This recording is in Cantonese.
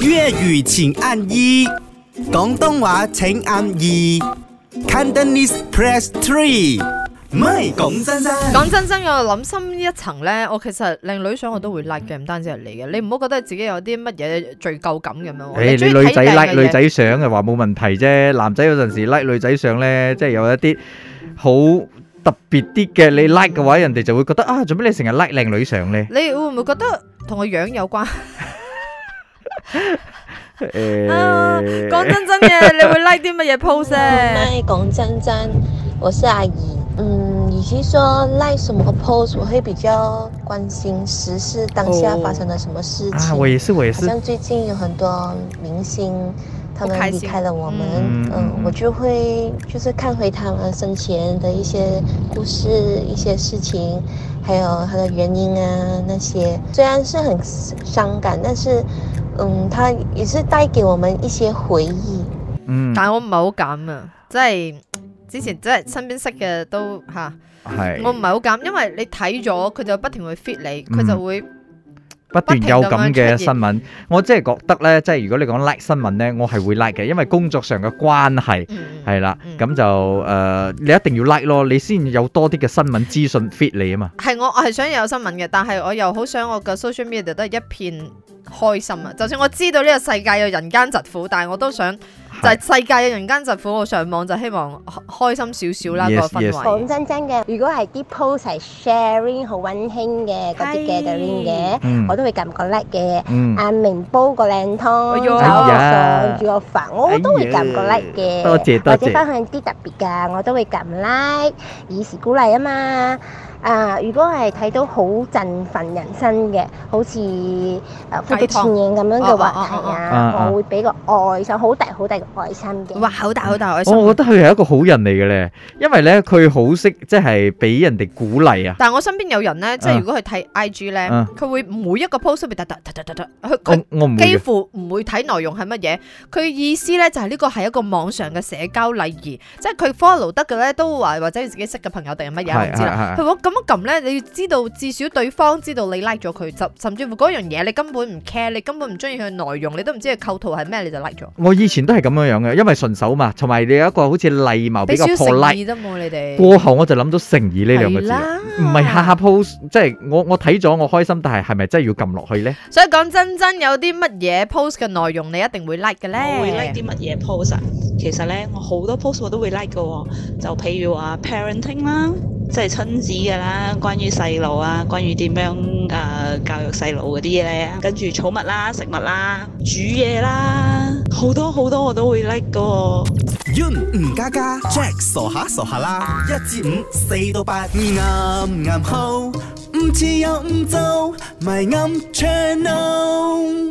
粵語請按一，廣東話請按二。Cantonese press three。唔係講真真，講真真，我諗深呢一層咧，我其實靚女相我都會 like 嘅，唔單止係你嘅，你唔好覺得自己有啲乜嘢罪疚感咁樣。誒,你女仔 like 女仔相嘅話冇問題啫,男仔有陣時 like 女仔相咧，即係有一啲好特別啲嘅。你 like 嘅話，人哋就會覺得啊，做咩你成日 like 靚女相咧？你會唔會覺得同個樣有關？誒，講、 哎 啊、真真你會 like 啲乜嘢 post？拉、欸、講、 嗯、真真，我是阿姨。嗯，與其說 like 什麼 post，我會比較關心時事當下發生了什麼事情。哦、啊，我也是，我也是。好像最近有很多明星，他們離開了我們，嗯，嗯嗯我就會就是看回他們生前的一些故事、一些事情，還有他的原因啊，那些雖然是很傷感，但是。嗯，他也是帶給我們一些回憶。嗯，但係我唔係好敢啊，即係之前即係身邊識嘅都吓係，我唔係好敢，因為你睇咗佢就不停會 fit 你，佢、嗯、就會不斷有咁嘅新聞。我真係覺得咧，即係如果你講 like 新聞咧，我係會 like 嘅，因為工作上嘅關係係啦。咁就誒、呃，你一定要 like 咯，你先有多啲嘅新聞資訊 fit 你啊嘛。係我，我係想有新聞嘅，但係我又好想我嘅 social media 都係一片。開心啊！就算我知道呢個世界有人間疾苦，但係我都想就係世界有人間疾苦，我上網就希望開心少少啦 yes, 個氛圍。講 Yes, yes. 真真嘅，如果係啲 post 係 sharing 好温馨嘅嗰啲 gathering 嘅，我都會撳個 like 嘅。阿明煲個靚湯，就送住我飯，我都會撳個 like 嘅。或者分享啲特別噶，我都會撳 like，以示鼓勵啊嘛。啊，如果係睇到好振奮人心嘅，好似誒電影咁樣嘅話題啊，啊我會俾個愛心，好大好大嘅愛心嘅。哇！好大好大愛心。我覺得佢係一個好人嚟嘅咧，因為咧佢好識即係俾人哋鼓勵啊。但係我身邊有人咧，即係如果佢睇 IG 咧、啊，佢會每一個 post 咪突突突突突，佢幾乎唔會睇內容係乜嘢，佢意思咧就係呢個係一個網上嘅社交禮儀，即係佢 follow 得嘅咧都或或者自己識嘅朋友定係乜嘢知佢咁樣撳咧，你要知道至少對方知道你 like 咗佢，甚甚至乎嗰樣嘢你根本唔 care，你根本唔中意佢內容，你都唔知佢構圖係咩，你就 like 咗。我以前都係咁樣樣嘅，因為順手嘛，同埋你有一個好似禮貌，比較誠意得冇你哋。過後我就諗到誠意呢兩個字，唔係下下 post，即係我我睇咗我開心，但係係咪真係要撳落去咧？所以講真真有啲乜嘢 post 嘅內容你一定會 like 嘅咧？會 like 啲乜嘢 post 啊？其實咧，我好多 post 我都會 like 嘅，就譬如話 parenting 啦。即係親子㗎啦，關於細路啊，關於點樣誒教育細路嗰啲嘢啊，跟住寵物啦、啊、食物、啊、啦、煮嘢啦，好多好多我都會 like 㗎、哦。Yun 吳嘉嘉 Jack 傻下傻下啦，一至五四到八，啱啱好，唔似又唔就，咪啱 channel。